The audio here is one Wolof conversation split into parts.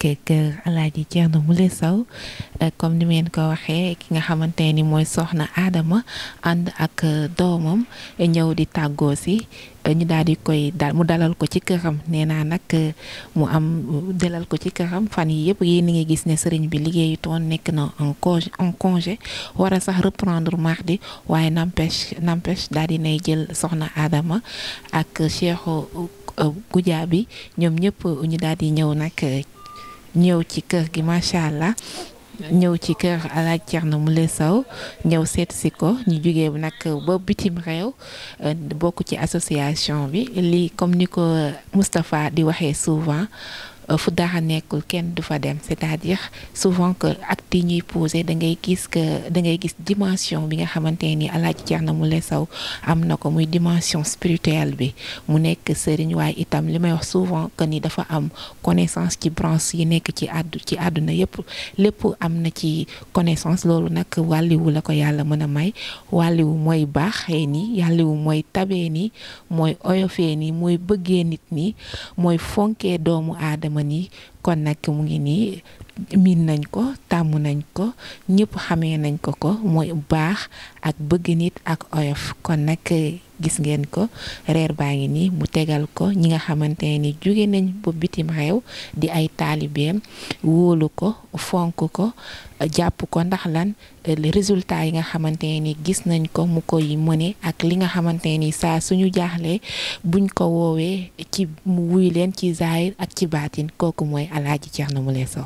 nekk kër Alaaji Thierno Moule Sow eh, comme ni ma ngeen ko waxee ki nga xamante ni mooy soxna Adama ànd ak eh, doomam eh, ñëw di tàggoo si ñu daal di koy dal mu dalal ko ci këram nee naa nag mu am dalal ko ci këram fan yi yëpp yéen a ngi gis ne sëriñ bi liggéeyutoon nekk na en congé en congé war sax reprendre mardi waaye n'empêche n'empêche daal di nay jël soxna Adama ak Cheikh Goudia bi ñoom ñëpp ñu daal ñëw nag. ñëw ci kër gi macha allah. ñëw ci kër alaaj Thierno Moule Sow ñëw seet si ko ñu jógee nag ba bitim réew bokk ci association bi li comme ni ko Moustapha di waxee souvent Euh, fu dara nekkul kenn du fa dem c'est-à-dire souvent que acte yi ñuy posé da ngay gis que da ngay gis dimension bi nga xamante ni Alaaji Thierno Moule Sow am na ko muy dimension spirituelle bi mu nekk sëriñ waaye itam li may wax souvent que nii dafa am connaissance ci branche yi nekk ci àddu ci àdduna yépp lépp am na ci connaissance loolu nag wàlliwu la ko yàlla mën a may wàlliwu mooy baaxee ni yàlliwu mooy tabee ni mooy oyofee ni mooy bëggee nit ni mooy fonkee doomu aadama cérémonie kon nag mu ngi nii miin nañ ko tàmm nañ ko ñëpp xamee nañ ko ko mooy baax ak bëgg nit ak oyof kon nag gis ngeen ko reer baa ngi nii mu tegal ko ñi nga xamante ni jóge nañ ba bitim réew di ay taalibeem wóolu ko fonk ko jàpp ko ndax lan résultat yi nga xamante ni gis nañ ko mu koy mëne ak li nga xamante ni saa suñu jaaxlee buñ ko woowee ci mu wuy leen ci zaahir ak ci baatin kooku mooy Alaaji Thierno Moule Sow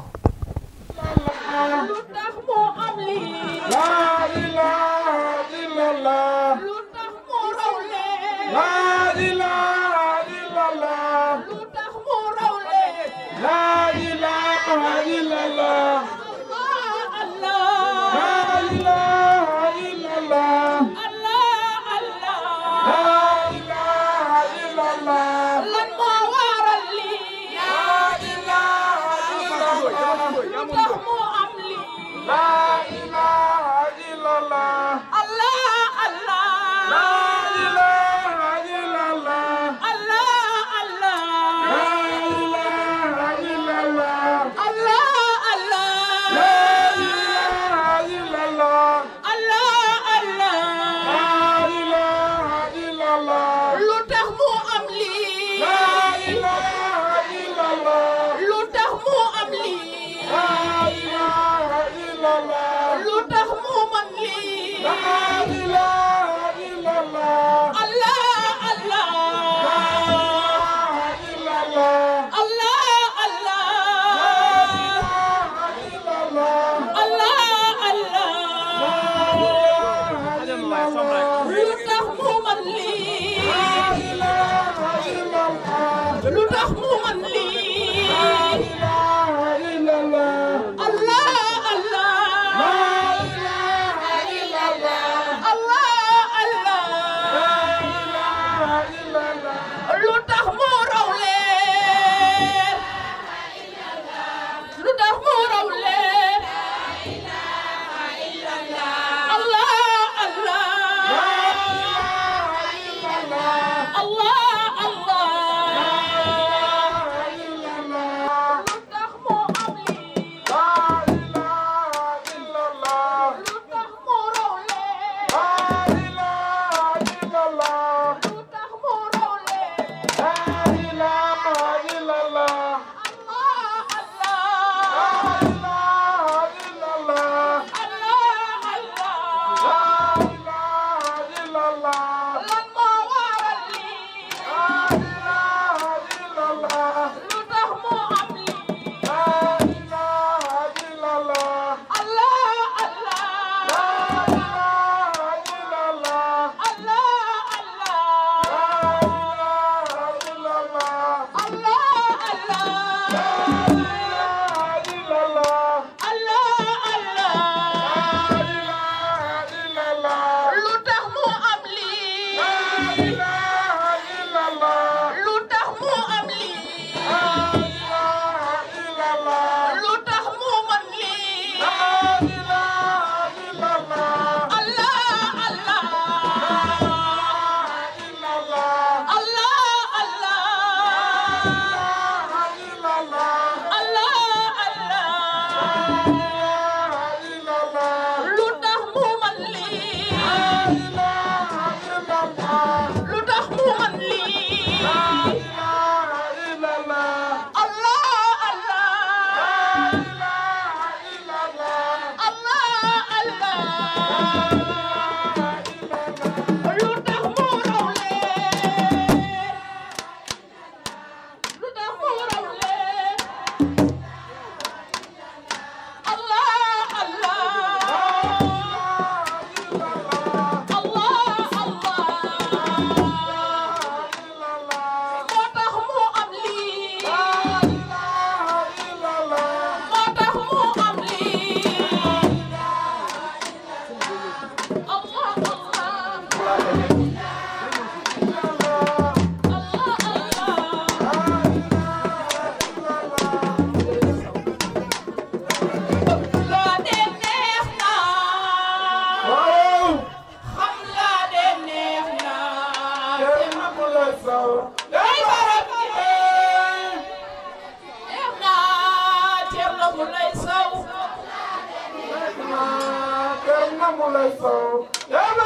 Thank you. Mulai Sow. Dem na Mulai Sow.